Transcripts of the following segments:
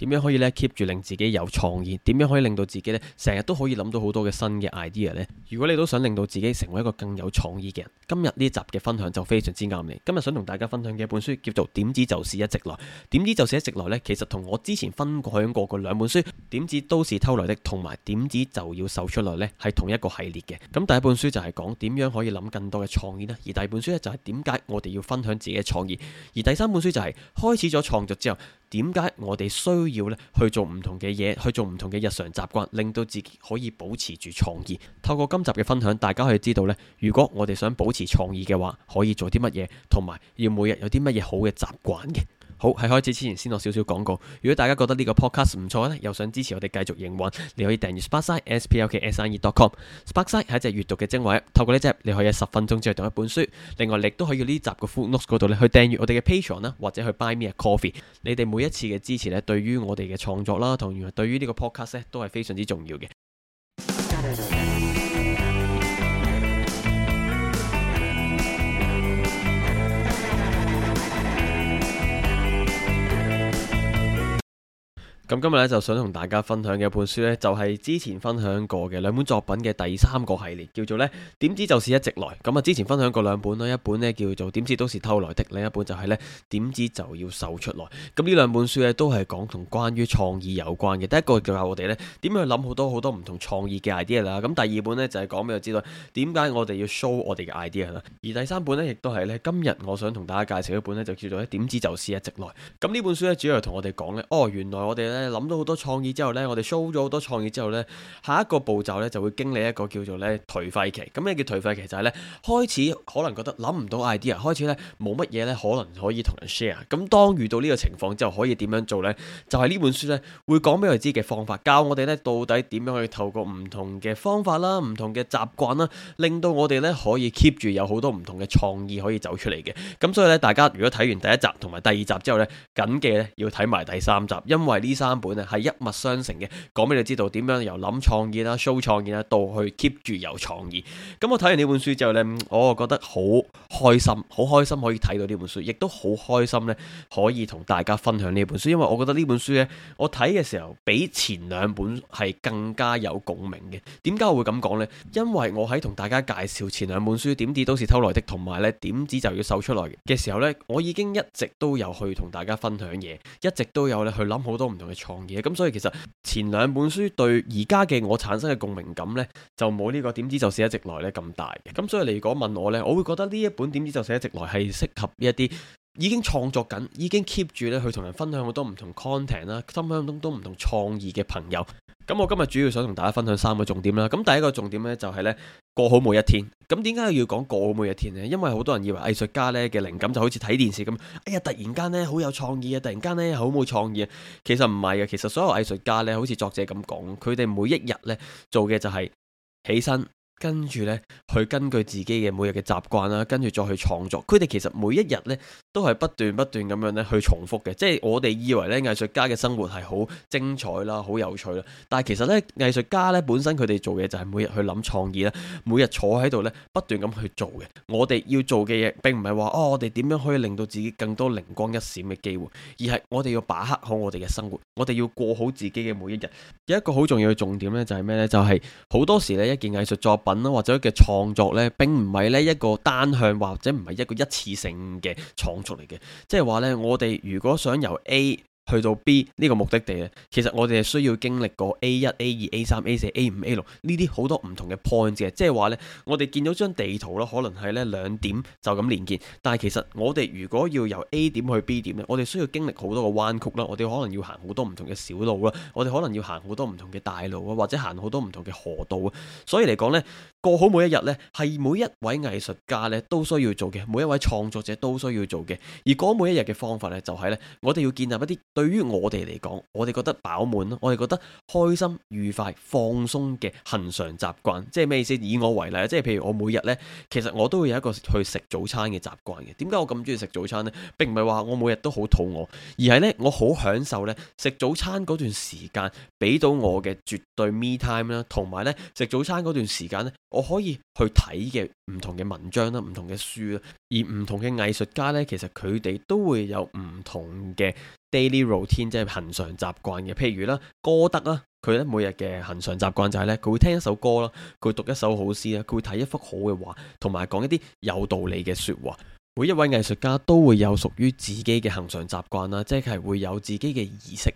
點樣可以呢 keep 住令自己有創意？點樣可以令到自己呢成日都可以諗到好多嘅新嘅 idea 呢？如果你都想令到自己成為一個更有創意嘅人，今日呢集嘅分享就非常之啱你。今日想同大家分享嘅一本書叫做《點子就是一直來》。《點子就是一直來》呢，其實同我之前分享過嘅兩本書《點子都是偷來的》同埋《點子就要秀出來》呢係同一個系列嘅。咁第一本書就係講點樣可以諗更多嘅創意呢，而第二本書呢，就係點解我哋要分享自己嘅創意，而第三本書就係開始咗創作之後。點解我哋需要咧去做唔同嘅嘢，去做唔同嘅日常習慣，令到自己可以保持住創意？透過今集嘅分享，大家可以知道咧，如果我哋想保持創意嘅話，可以做啲乜嘢，同埋要每日有啲乜嘢好嘅習慣嘅。好，喺開始之前先落少少廣告。如果大家覺得呢個 podcast 唔錯呢，又想支持我哋繼續營運，你可以訂閱 Sparksine s p a r k s i n e dot com。Sparksine 係一隻閱讀嘅精華，透過呢隻你可以喺十分鐘之內讀一本書。另外你亦都可以喺呢集嘅 Footnotes 度去訂閱我哋嘅 Patreon 啦，或者去 Buy Me a Coffee。你哋每一次嘅支持咧，對於我哋嘅創作啦，同埋對於呢個 podcast 咧，都係非常之重要嘅。咁今日咧就想同大家分享嘅一本書呢，就係之前分享過嘅兩本作品嘅第三個系列，叫做咧點知就是一直來。咁啊，之前分享過兩本啦，一本呢叫做點知都是偷來的，另一本就係咧點知就要搜出來。咁呢兩本書呢，都係講同關於創意有關嘅。第一個教下我哋呢點樣去諗好多好多唔同創意嘅 idea 啦。咁第二本呢，就係講俾我知道點解我哋要 show 我哋嘅 idea 啦。而第三本呢，亦都係呢今日我想同大家介紹一本呢，就叫做咧點知就是一直來。咁呢本書呢，主要係同我哋講呢。哦，原來我哋咧。諗到好多創意之後呢，我哋 show 咗好多創意之後呢，下一個步驟呢就會經歷一個叫做呢頹廢期。咁咩叫頹廢期就係呢：開始可能覺得諗唔到 idea，開始呢冇乜嘢呢可能可以同人 share。咁當遇到呢個情況之後，可以點樣做呢？就係呢本書呢會講俾我哋知嘅方法，教我哋呢到底點樣去透過唔同嘅方法啦、唔同嘅習慣啦，令到我哋呢可以 keep 住有好多唔同嘅創意可以走出嚟嘅。咁所以呢，大家如果睇完第一集同埋第二集之後呢，謹記呢要睇埋第三集，因為呢三。三本啊，係一脈相承嘅。講俾你知道，點樣由諗創意啦、show 創意啦，到去 keep 住有創意。咁、嗯、我睇完呢本書之後呢，我啊覺得好開心，好開心可以睇到呢本書，亦都好開心呢，可以同大家分享呢本書。因為我覺得呢本書呢，我睇嘅時候比前兩本係更加有共鳴嘅。點解我會咁講呢？因為我喺同大家介紹前兩本書《點子都是偷來的》同埋呢《點子就要秀出來》嘅時候呢，我已經一直都有去同大家分享嘢，一直都有咧去諗好多唔同。創意咁，所以其實前兩本書對而家嘅我產生嘅共鳴感呢，就冇呢、這個點知就寫一直來呢咁大嘅。咁所以你如果問我呢，我會覺得呢一本點知就寫一直來係適合一啲已經創作緊、已經 keep 住咧去同人分享好多唔同 content 啦、心胸都唔同創意嘅朋友。咁我今日主要想同大家分享三個重點啦。咁第一個重點呢，就係呢過好每一天。咁點解要講過好每一天呢？因為好多人以為藝術家呢嘅靈感就好似睇電視咁。哎呀，突然間呢好有創意啊，突然間呢好冇創意啊。其實唔係啊。其實所有藝術家呢，好似作者咁講，佢哋每一日呢做嘅就係起身，跟住呢去根據自己嘅每日嘅習慣啦，跟住再去創作。佢哋其實每一日呢。都係不斷不斷咁樣咧去重複嘅，即係我哋以為咧藝術家嘅生活係好精彩啦，好有趣啦。但係其實咧，藝術家咧本身佢哋做嘢就係每日去諗創意啦，每日坐喺度咧不斷咁去做嘅。我哋要做嘅嘢，並唔係話哦，我哋點樣可以令到自己更多靈光一閃嘅機會，而係我哋要把握好我哋嘅生活，我哋要過好自己嘅每一日。有一個好重要嘅重點咧，就係咩呢？就係好多時咧一件藝術作品啦，或者嘅創作呢，並唔係咧一個單向或者唔係一個一次性嘅創。出嚟嘅，即係話呢，我哋如果想由 A 去到 B 呢個目的地呢，其實我哋係需要經歷過 A 一、A 二、A 三、A 四、A 五、A 六呢啲好多唔同嘅 point 嘅，即係話呢，我哋見到張地圖啦，可能係呢兩點就咁連結，但係其實我哋如果要由 A 點去 B 點呢，我哋需要經歷好多個彎曲啦，我哋可能要行好多唔同嘅小路啦，我哋可能要行好多唔同嘅大路啊，或者行好多唔同嘅河道啊，所以嚟講呢。過好每一日呢，係每一位藝術家呢都需要做嘅，每一位創作者都需要做嘅。而嗰每一日嘅方法呢，就係呢：我哋要建立一啲對於我哋嚟講，我哋覺得飽滿，我哋覺得開心、愉快、放鬆嘅恆常習慣。即係咩意思？以我為例，即係譬如我每日呢，其實我都會有一個去食早餐嘅習慣嘅。點解我咁中意食早餐呢？並唔係話我每日都好肚餓，而係呢，我好享受呢食早餐嗰段時間俾到我嘅絕對 me time 啦，同埋呢食早餐嗰段時間呢。我可以去睇嘅唔同嘅文章啦，唔同嘅書啦，而唔同嘅藝術家呢，其實佢哋都會有唔同嘅 daily routine，即係恆常習慣嘅。譬如啦，歌德啦，佢咧每日嘅恆常習慣就係呢：佢會聽一首歌啦，佢會讀一首好詩啦，佢會睇一幅好嘅畫，同埋講一啲有道理嘅說話。每一位藝術家都會有屬於自己嘅恆常習慣啦，即係會有自己嘅儀式，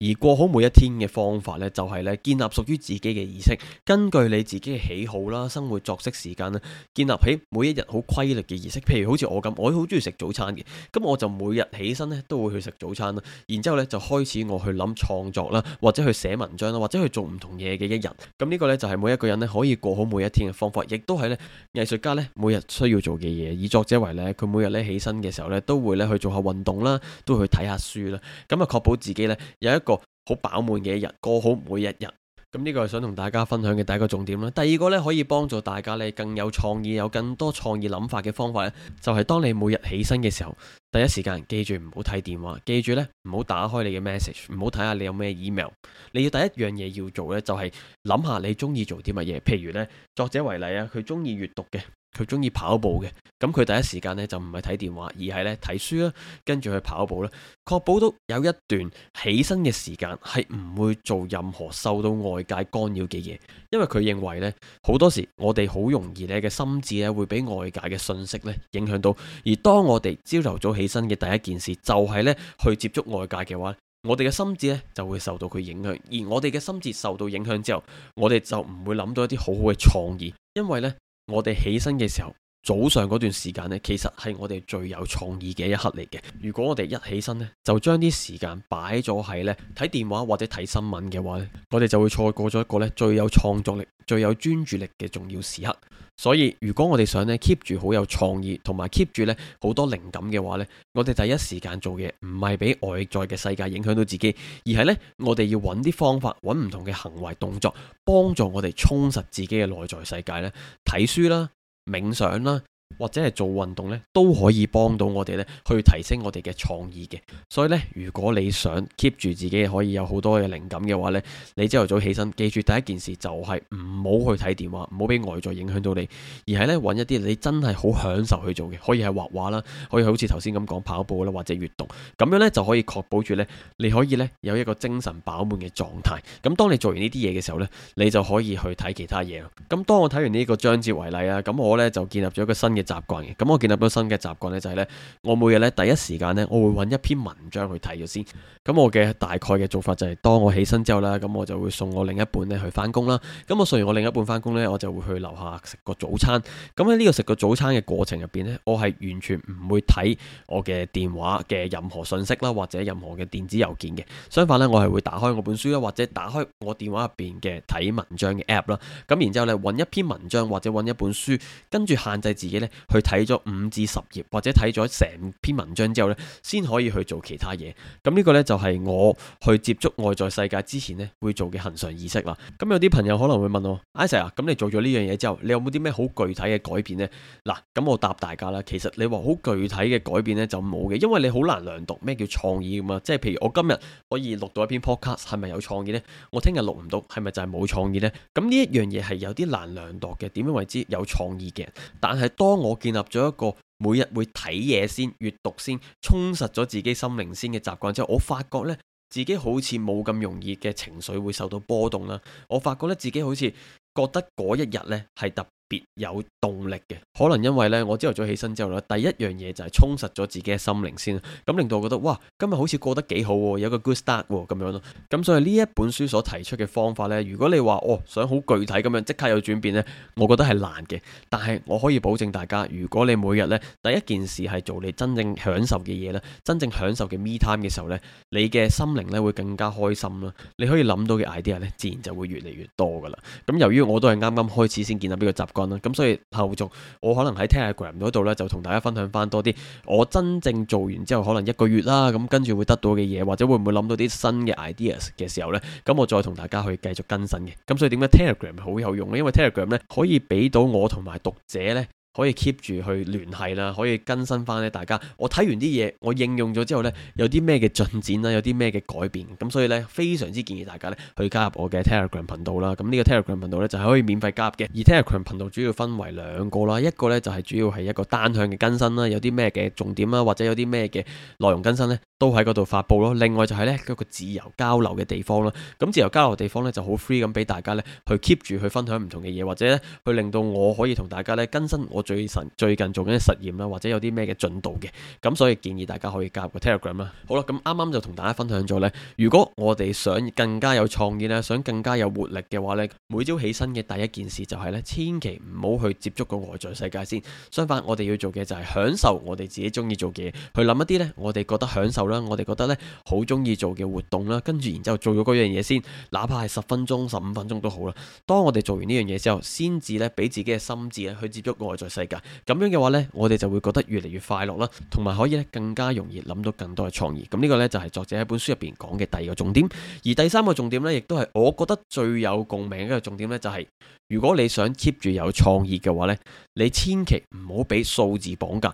而過好每一天嘅方法呢，就係咧建立屬於自己嘅儀式，根據你自己嘅喜好啦，生活作息時間啦，建立起每一日好規律嘅儀式。譬如好似我咁，我好中意食早餐嘅，咁我就每日起身咧都會去食早餐啦，然之後咧就開始我去諗創作啦，或者去寫文章啦，或者去做唔同嘢嘅一日。咁呢個呢，就係每一個人咧可以過好每一天嘅方法，亦都係咧藝術家咧每日需要做嘅嘢。以作者為例。佢每日咧起身嘅時候咧，都會咧去做下運動啦，都會去睇下書啦，咁啊確保自己咧有一個好飽滿嘅一日，過好每一日。咁呢個係想同大家分享嘅第一個重點啦。第二個咧，可以幫助大家咧更有創意、有更多創意諗法嘅方法，就係當你每日起身嘅時候，第一時間記住唔好睇電話，記住咧唔好打開你嘅 message，唔好睇下你有咩 email。你要第一樣嘢要做咧，就係諗下你中意做啲乜嘢。譬如咧，作者為例啊，佢中意閱讀嘅。佢中意跑步嘅，咁佢第一時間呢就唔係睇電話，而係呢睇書啦，跟住去跑步啦，確保到有一段起身嘅時間係唔會做任何受到外界干擾嘅嘢，因為佢認為呢好多時我哋好容易呢嘅心智呢會俾外界嘅信息呢影響到，而當我哋朝頭早起身嘅第一件事就係呢去接觸外界嘅話，我哋嘅心智呢就會受到佢影響，而我哋嘅心智受到影響之後，我哋就唔會諗到一啲好好嘅創意，因為呢。我哋起身嘅時候，早上嗰段時間咧，其實係我哋最有創意嘅一刻嚟嘅。如果我哋一起身呢，就將啲時間擺咗喺呢睇電話或者睇新聞嘅話呢，我哋就會錯過咗一個咧最有創作力、最有專注力嘅重要時刻。所以，如果我哋想呢 keep 住好有創意同埋 keep 住呢好多靈感嘅話呢，我哋第一時間做嘅唔係俾外在嘅世界影響到自己，而係呢，我哋要揾啲方法、揾唔同嘅行為動作，幫助我哋充實自己嘅內在世界呢，睇書啦。冥想啦。或者係做運動呢，都可以幫到我哋呢，去提升我哋嘅創意嘅。所以呢，如果你想 keep 住自己可以有好多嘅靈感嘅話呢，你朝頭早起身，記住第一件事就係唔好去睇電話，唔好俾外在影響到你，而係呢揾一啲你真係好享受去做嘅，可以係畫畫啦，可以好似頭先咁講跑步啦，或者閱讀，咁樣呢，就可以確保住呢，你可以呢有一個精神飽滿嘅狀態。咁當你做完呢啲嘢嘅時候呢，你就可以去睇其他嘢。咁當我睇完呢個章節為例啊，咁我呢就建立咗一個新習慣嘅，咁我建立咗新嘅習慣呢，就係呢，我每日呢，第一時間呢，我會揾一篇文章去睇咗先。咁我嘅大概嘅做法就係，當我起身之後啦，咁我就會送我另一半呢去翻工啦。咁我送完我另一半翻工呢，我就會去樓下食個早餐。咁喺呢個食個早餐嘅過程入邊呢，我係完全唔會睇我嘅電話嘅任何信息啦，或者任何嘅電子郵件嘅。相反呢，我係會打開我本書啦，或者打開我電話入邊嘅睇文章嘅 app 啦。咁然之後呢，揾一篇文章或者揾一本書，跟住限制自己呢。去睇咗五至十頁，或者睇咗成篇文章之後呢，先可以去做其他嘢。咁呢個呢，就係、是、我去接觸外在世界之前呢，會做嘅恒常意識啦。咁有啲朋友可能會問我 Ishay 啊，咁你做咗呢樣嘢之後，你有冇啲咩好具體嘅改變呢？」嗱，咁我答大家啦。其實你話好具體嘅改變呢，就冇嘅，因為你好難量度咩叫創意噶嘛。即係譬如我今日可以錄到一篇 podcast，係咪有創意呢？我聽日錄唔到，係咪就係冇創意呢？咁呢一樣嘢係有啲難量度嘅。點樣為之有創意嘅？但係當我建立咗一個每日會睇嘢先、閱讀先、充實咗自己心靈先嘅習慣之後，我發覺咧自己好似冇咁容易嘅情緒會受到波動啦。我發覺咧自己好似覺得嗰一日咧係特別，別有動力嘅，可能因為呢，我朝頭早起身之後呢，第一樣嘢就係充實咗自己嘅心靈先，咁令到我覺得哇，今日好似過得幾好，有一個 good start 喎，咁樣咯。咁所以呢一本書所提出嘅方法呢，如果你話哦想好具體咁樣即刻有轉變呢，我覺得係難嘅。但係我可以保證大家，如果你每日呢，第一件事係做你真正享受嘅嘢咧，真正享受嘅 me time 嘅時候呢，你嘅心靈呢會更加開心啦。你可以諗到嘅 idea 呢，自然就會越嚟越多噶啦。咁由於我都係啱啱開始先建立呢個習慣。咁所以後續我可能喺 Telegram 嗰度咧，就同大家分享翻多啲我真正做完之後可能一個月啦，咁跟住會得到嘅嘢，或者會唔會諗到啲新嘅 ideas 嘅時候呢，咁我再同大家去繼續更新嘅。咁所以點解 Telegram 好有用呢？因為 Telegram 咧可以俾到我同埋讀者呢。可以 keep 住去聯繫啦，可以更新翻咧大家。我睇完啲嘢，我應用咗之後呢，有啲咩嘅進展啦，有啲咩嘅改變。咁所以呢，非常之建議大家呢，去加入我嘅 Telegram 頻道啦。咁呢個 Telegram 頻道呢，就係可以免費加入嘅。而 Telegram 頻道主要分為兩個啦，一個呢，就係主要係一個單向嘅更新啦，有啲咩嘅重點啦，或者有啲咩嘅內容更新呢，都喺嗰度發布咯，另外就係呢，一個自由交流嘅地方咯。咁自由交流地方呢，就好 free 咁俾大家呢，去 keep 住去分享唔同嘅嘢，或者呢，去令到我可以同大家呢，更新我最神最近做緊嘅實驗啦，或者有啲咩嘅進度嘅。咁所以建議大家可以加入一個 Telegram 啦。好啦，咁啱啱就同大家分享咗呢。如果我哋想更加有創意啊，想更加有活力嘅話呢，每朝起身嘅第一件事就係呢，千祈唔好去接觸個外在世界先。相反，我哋要做嘅就係享受我哋自己鍾意做嘅嘢，去諗一啲呢，我哋覺得享受。我哋覺得咧好中意做嘅活動啦，跟住然之後做咗嗰樣嘢先，哪怕係十分鐘、十五分鐘都好啦。當我哋做完呢樣嘢之後，先至咧俾自己嘅心智啊去接觸外在世界。咁樣嘅話咧，我哋就會覺得越嚟越快樂啦，同埋可以咧更加容易諗到更多嘅創意。咁呢個咧就係作者喺本書入邊講嘅第二個重點。而第三個重點咧，亦都係我覺得最有共鳴嘅一個重點咧，就是，就係如果你想 keep 住有創意嘅話咧，你千祈唔好俾數字綁架。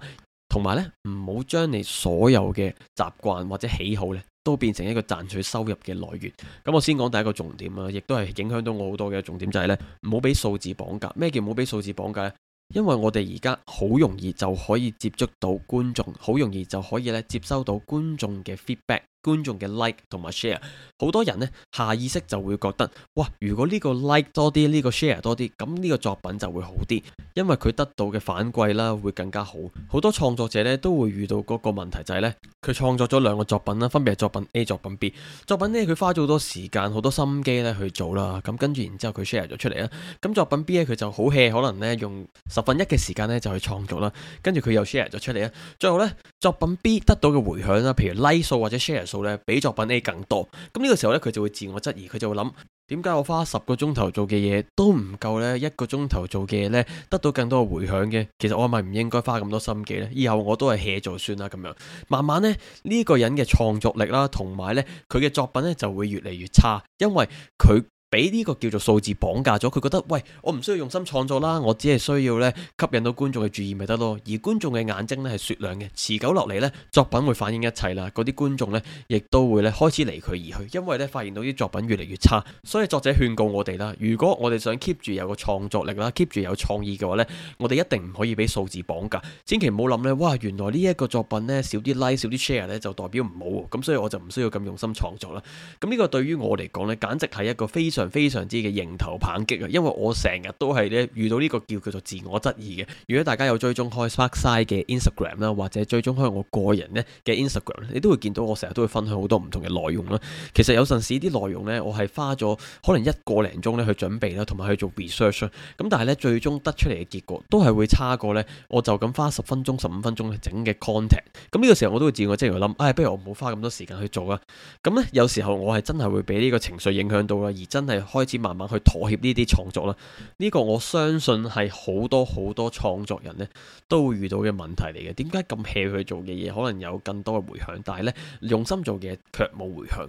同埋咧，唔好將你所有嘅習慣或者喜好咧，都變成一個賺取收入嘅來源。咁我先講第一個重點啦，亦都係影響到我好多嘅重點，就係咧，唔好俾數字綁架。咩叫唔好俾數字綁架咧？因為我哋而家好容易就可以接觸到觀眾，好容易就可以咧接收到觀眾嘅 feedback。觀眾嘅 like 同埋 share，好多人呢，下意識就會覺得，哇！如果呢個 like 多啲，呢個 share 多啲，咁呢個作品就會好啲，因為佢得到嘅反饋啦會更加好。好多創作者呢都會遇到嗰個問題就係呢：佢創作咗兩個作品啦，分別係作品 A、作品 B。作品 A 咧佢花咗好多時間、好多心機咧去做啦，咁跟住然之後佢 share 咗出嚟啦。咁作品 B 咧佢就好 hea 可能咧用十分一嘅時間咧就去創作啦，跟住佢又 share 咗出嚟啦。最後呢，作品 B 得到嘅回響啦，譬如 like 數或者 share 數。比作品 A 更多，咁呢個時候呢，佢就會自我質疑，佢就會諗點解我花十個鐘頭做嘅嘢，都唔夠呢一個鐘頭做嘅嘢，呢得到更多嘅回響嘅，其實我咪唔應該花咁多心機呢？以後我都係 hea 做算啦咁樣，慢慢呢，呢個人嘅創作力啦，同埋呢佢嘅作品呢，就會越嚟越差，因為佢。俾呢個叫做數字綁架咗，佢覺得喂，我唔需要用心創作啦，我只係需要咧，吸引到觀眾嘅注意咪得咯。而觀眾嘅眼睛咧係雪亮嘅，持久落嚟呢，作品會反映一切啦。嗰啲觀眾呢，亦都會咧開始離佢而去，因為呢發現到啲作品越嚟越差。所以作者勸告我哋啦，如果我哋想 keep 住有個創作力啦，keep 住有創意嘅話呢，我哋一定唔可以俾數字綁架。千祈唔好諗呢：「哇，原來呢一個作品呢，少啲 like 少啲 share 呢，就代表唔好，咁所以我就唔需要咁用心創作啦。咁呢個對於我嚟講呢，簡直係一個非常。非常非常之嘅迎頭棒擊啊！因為我成日都係咧遇到呢個叫叫做自我質疑嘅。如果大家有追蹤開 Sparkside 嘅 Instagram 啦，或者追蹤開我個人咧嘅 Instagram，你都會見到我成日都會分享好多唔同嘅內容啦。其實有陣時啲內容咧，我係花咗可能一個零鐘咧去準備啦，同埋去做 research。咁但係咧，最終得出嚟嘅結果都係會差過咧。我就咁花十分鐘十五分鐘去整嘅 content。咁呢個時候我都會自我即係諗，唉、哎，不如我唔好花咁多時間去做啊。咁咧有時候我係真係會俾呢個情緒影響到啦，而真。係開始慢慢去妥協呢啲創作啦，呢個我相信係好多好多創作人呢都會遇到嘅問題嚟嘅。點解咁輕佢做嘅嘢可能有更多嘅回響，但係呢，用心做嘅嘢卻冇回響？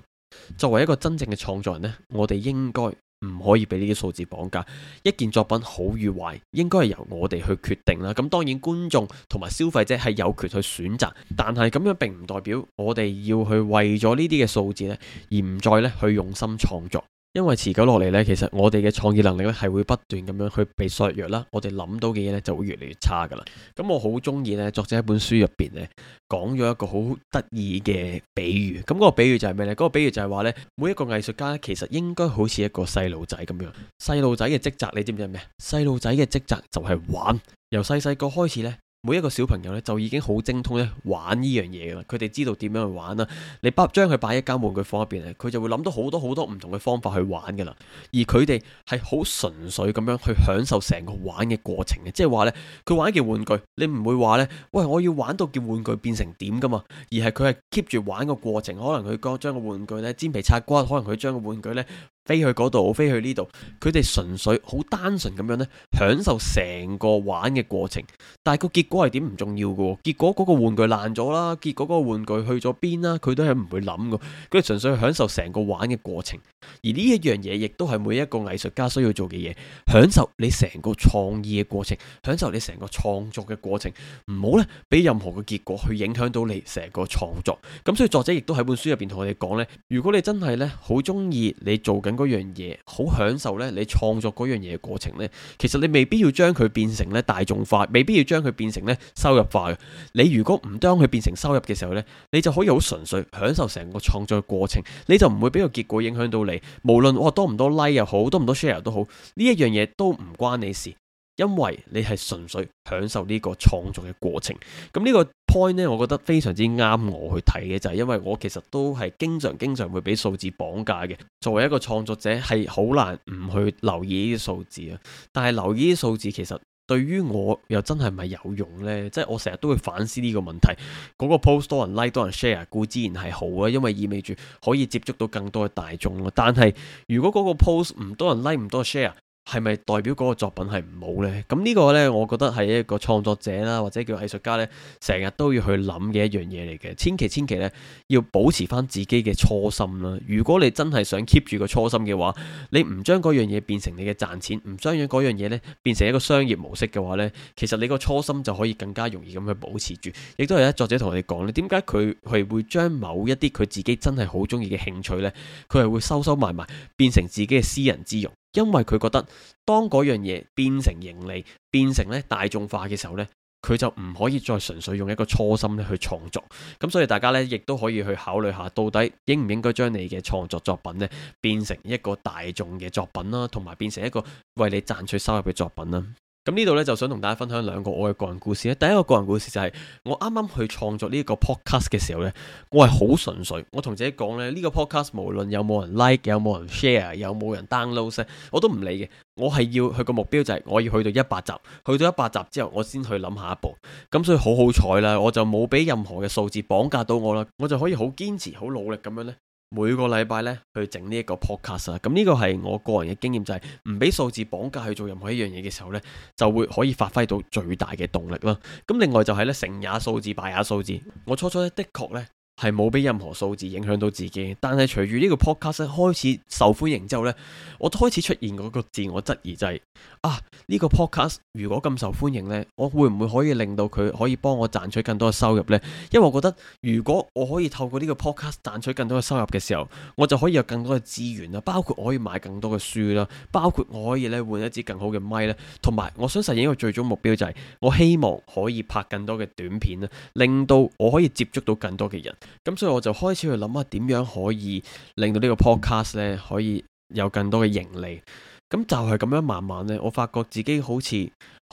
作為一個真正嘅創作人呢，我哋應該唔可以俾呢啲數字綁架。一件作品好與壞，應該係由我哋去決定啦。咁當然觀眾同埋消費者係有權去選擇，但係咁樣並唔代表我哋要去為咗呢啲嘅數字呢而唔再呢去用心創作。因為持久落嚟呢，其實我哋嘅創意能力係會不斷咁樣去被削弱啦。我哋諗到嘅嘢咧就會越嚟越差噶啦。咁我好中意呢作者一本書入邊咧講咗一個好得意嘅比喻。咁嗰個比喻就係咩呢？嗰個比喻就係話呢，每一個藝術家其實應該好似一個細路仔咁樣。細路仔嘅職責你知唔知係咩啊？細路仔嘅職責就係玩，由細細個開始呢。每一個小朋友咧就已經好精通咧玩呢樣嘢噶啦，佢哋知道點樣去玩啦。你把將佢擺一間玩具房入邊咧，佢就會諗到好多好多唔同嘅方法去玩噶啦。而佢哋係好純粹咁樣去享受成個玩嘅過程嘅，即係話呢，佢玩一件玩具，你唔會話呢：「喂，我要玩到件玩具變成點噶嘛」，而係佢係 keep 住玩個過程，可能佢將將個玩具呢煎皮擦骨，可能佢將個玩具呢……飛去嗰度，飛去呢度，佢哋純粹好單純咁樣呢，享受成個玩嘅過程。但係個結果係點唔重要噶，結果嗰個玩具爛咗啦，結果嗰個玩具去咗邊啦，佢都係唔會諗噶，佢純粹享受成個玩嘅過程。而呢一樣嘢亦都係每一個藝術家需要做嘅嘢，享受你成個創意嘅過程，享受你成個創作嘅過程，唔好呢，俾任何嘅結果去影響到你成個創作。咁所以作者亦都喺本書入邊同我哋講呢：如果你真係呢，好中意你做緊。嗰樣嘢，好享受呢，你創作嗰樣嘢嘅過程呢，其實你未必要將佢變成呢大眾化，未必要將佢變成呢收入化嘅。你如果唔將佢變成收入嘅時候呢，你就可以好純粹享受成個創作嘅過程，你就唔會俾個結果影響到你。無論我多唔多 like 又好，多唔多 share 都好，呢一樣嘢都唔關你事。因為你係純粹享受呢個創作嘅過程，咁呢個 point 呢，我覺得非常之啱我去睇嘅，就係因為我其實都係經常經常會俾數字綁架嘅。作為一個創作者，係好難唔去留意呢啲數字啊。但係留意啲數字，其實對於我又真係唔係有用呢？即係我成日都會反思呢個問題。嗰個 post 多人 like 多人 share，固之然係好啊，因為意味住可以接觸到更多嘅大眾咯。但係如果嗰個 post 唔多人 like 唔多 share，係咪代表嗰個作品係唔好呢？咁呢個呢，我覺得係一個創作者啦，或者叫藝術家呢，成日都要去諗嘅一樣嘢嚟嘅。千祈千祈呢，要保持翻自己嘅初心啦。如果你真係想 keep 住個初心嘅話，你唔將嗰樣嘢變成你嘅賺錢，唔將嗰樣嘢呢變成一個商業模式嘅話呢，其實你個初心就可以更加容易咁去保持住。亦都係呢，作者同我哋講呢，點解佢係會將某一啲佢自己真係好中意嘅興趣呢？佢係會收收埋埋變成自己嘅私人之用。因為佢覺得，當嗰樣嘢變成盈利，變成咧大眾化嘅時候呢，佢就唔可以再純粹用一個初心咧去創作。咁所以大家呢，亦都可以去考慮下，到底應唔應該將你嘅創作作品呢，變成一個大眾嘅作品啦，同埋變成一個為你賺取收入嘅作品啦。咁呢度呢，就想同大家分享兩個我嘅個人故事咧。第一個個人故事就係、是、我啱啱去創作呢個 podcast 嘅時候呢，我係好純粹，我同自己講呢，呢、呢個 podcast 無論有冇人 like，有冇人 share，有冇人 download，我都唔理嘅。我係要佢個目標就係我要去到一百集，去到一百集之後我先去諗下一步。咁所以好好彩啦，我就冇俾任何嘅數字綁架到我啦，我就可以好堅持、好努力咁樣呢。每個禮拜咧去整呢一個 podcast 咁，呢個係我個人嘅經驗，就係唔俾數字綁架去做任何一樣嘢嘅時候呢，就會可以發揮到最大嘅動力咯。咁另外就係咧成也數字，敗也數字。我初初咧的確呢。係冇俾任何數字影響到自己，但係隨住呢個 podcast 開始受歡迎之後呢，我開始出現嗰個自我質疑就係啊，呢個 podcast 如果咁受歡迎呢，我會唔會可以令到佢可以幫我賺取更多嘅收入呢？因為我覺得如果我可以透過呢個 podcast 賺取更多嘅收入嘅時候，我就可以有更多嘅資源啦，包括我可以買更多嘅書啦，包括我可以咧換一支更好嘅 mic 咧，同埋我想實現一個最終目標就係我希望可以拍更多嘅短片啦，令到我可以接觸到更多嘅人。咁所以我就開始去諗下點樣可以令到呢個 podcast 咧可以有更多嘅盈利？咁就係咁樣慢慢咧，我發覺自己好似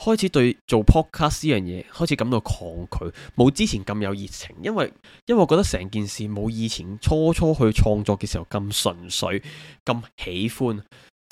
開始對做 podcast 呢樣嘢開始感到抗拒，冇之前咁有熱情，因為因為我覺得成件事冇以前初初去創作嘅時候咁純粹，咁喜歡。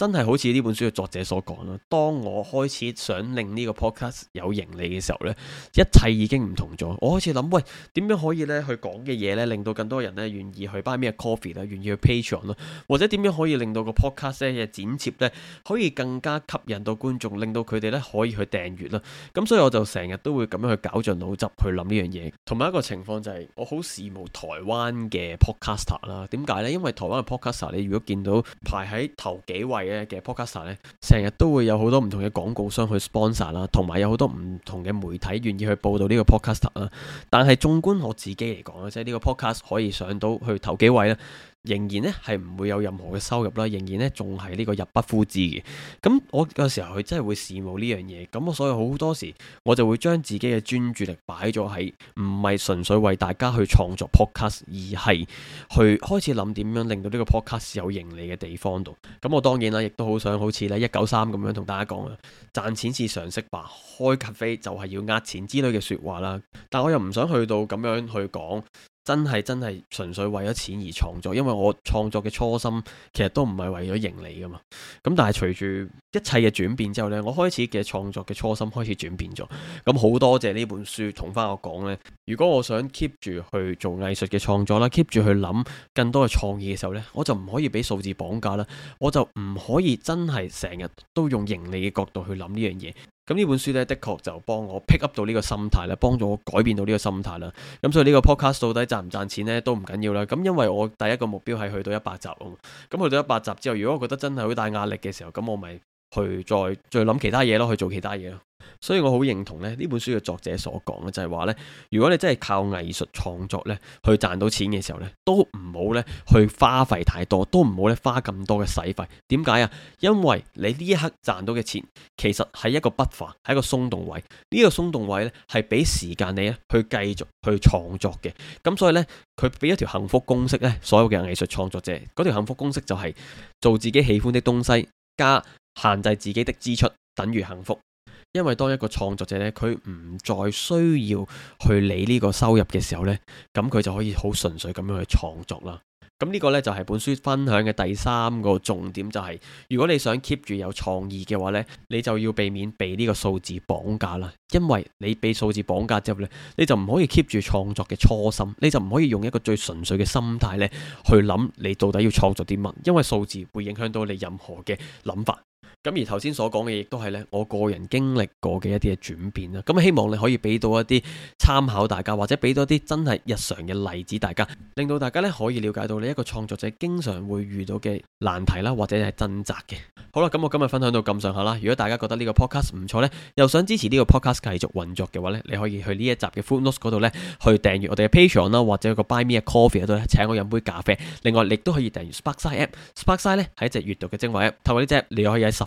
真係好似呢本書嘅作者所講咯。當我開始想令呢個 podcast 有盈利嘅時候呢，一切已經唔同咗。我開始諗，喂，點樣可以呢，去講嘅嘢呢，令到更多人呢願意去 buy 咩 coffee 啦，願意去 Patreon 啦，或者點樣可以令到個 podcast 呢嘅剪接呢，可以更加吸引到觀眾，令到佢哋呢可以去訂閱啦。咁所以我就成日都會咁樣去絞盡腦汁去諗呢樣嘢。同埋一個情況就係我好羨慕台灣嘅 podcaster 啦。點解呢？因為台灣嘅 podcaster，你如果見到排喺頭幾位。嘅 podcast 咧，成日都會有好多唔同嘅廣告商去 sponsor 啦，同埋有好多唔同嘅媒體願意去報導呢個 podcast 啦。但係縱觀我自己嚟講咧，即係呢個 podcast 可以上到去頭幾位咧。仍然咧係唔會有任何嘅收入啦，仍然咧仲係呢，呢個入不敷支嘅。咁、嗯、我有時候佢真係會羨慕呢樣嘢。咁我所以好多時我就會將自己嘅專注力擺咗喺唔係純粹為大家去創作 podcast，而係去開始諗點樣令到呢個 podcast 有盈利嘅地方度。咁、嗯、我當然啦，亦都想好想好似咧一九三咁樣同大家講啦，賺錢是常識吧，開咖啡就係要呃錢之類嘅説話啦。但我又唔想去到咁樣去講。真係真係純粹為咗錢而創作，因為我創作嘅初心其實都唔係為咗盈利噶嘛。咁但係隨住一切嘅轉變之後呢，我開始嘅創作嘅初心開始轉變咗。咁好多謝呢本書同翻我講呢。如果我想 keep 住去做藝術嘅創作啦，keep 住去諗更多嘅創意嘅時候呢，我就唔可以俾數字綁架啦，我就唔可以真係成日都用盈利嘅角度去諗呢樣嘢。咁呢本書呢，的確就幫我 pick up 到呢個心態啦，幫助我改變到呢個心態啦。咁所以呢個 podcast 到底賺唔賺錢呢，都唔緊要啦。咁因為我第一個目標係去到一百集啊嘛。咁去到一百集之後，如果我覺得真係好大壓力嘅時候，咁我咪去再再諗其他嘢咯，去做其他嘢咯。所以我好認同咧呢本書嘅作者所講嘅就係話咧，如果你真係靠藝術創作咧去賺到錢嘅時候咧，都唔好咧去花費太多，都唔好咧花咁多嘅使費。點解啊？因為你呢一刻賺到嘅錢，其實係一個不凡，係一個鬆動位。呢個鬆動位咧係俾時間你咧去繼續去創作嘅。咁所以呢，佢俾一條幸福公式咧，所有嘅藝術創作者嗰條幸福公式就係做自己喜歡的東西，加限制自己的支出，等於幸福。因為當一個創作者咧，佢唔再需要去理呢個收入嘅時候呢，咁佢就可以好純粹咁樣去創作啦。咁呢個呢，就係本書分享嘅第三個重點，就係如果你想 keep 住有創意嘅話呢，你就要避免被呢個數字綁架啦。因為你被數字綁架之後呢，你就唔可以 keep 住創作嘅初心，你就唔可以用一個最純粹嘅心態呢去諗你到底要創作啲乜，因為數字會影響到你任何嘅諗法。咁而頭先所講嘅亦都係呢，我個人經歷過嘅一啲嘅轉變啦。咁希望你可以俾到一啲參考大家，或者俾到啲真係日常嘅例子，大家令到大家呢可以了解到你一個創作者經常會遇到嘅難題啦，或者係掙扎嘅。好啦，咁我今日分享到咁上下啦。如果大家覺得呢個 podcast 唔錯呢，又想支持呢個 podcast 繼續運作嘅話呢，你可以去呢一集嘅 food notes 度呢，去訂閱我哋嘅 Patreon 啦，或者個 buy me a coffee 度呢，請我飲杯咖啡。另外，你都可以訂閱 sparkside app，sparkside 呢係一隻閱讀嘅精華 app，透過呢隻 app 你可以喺十。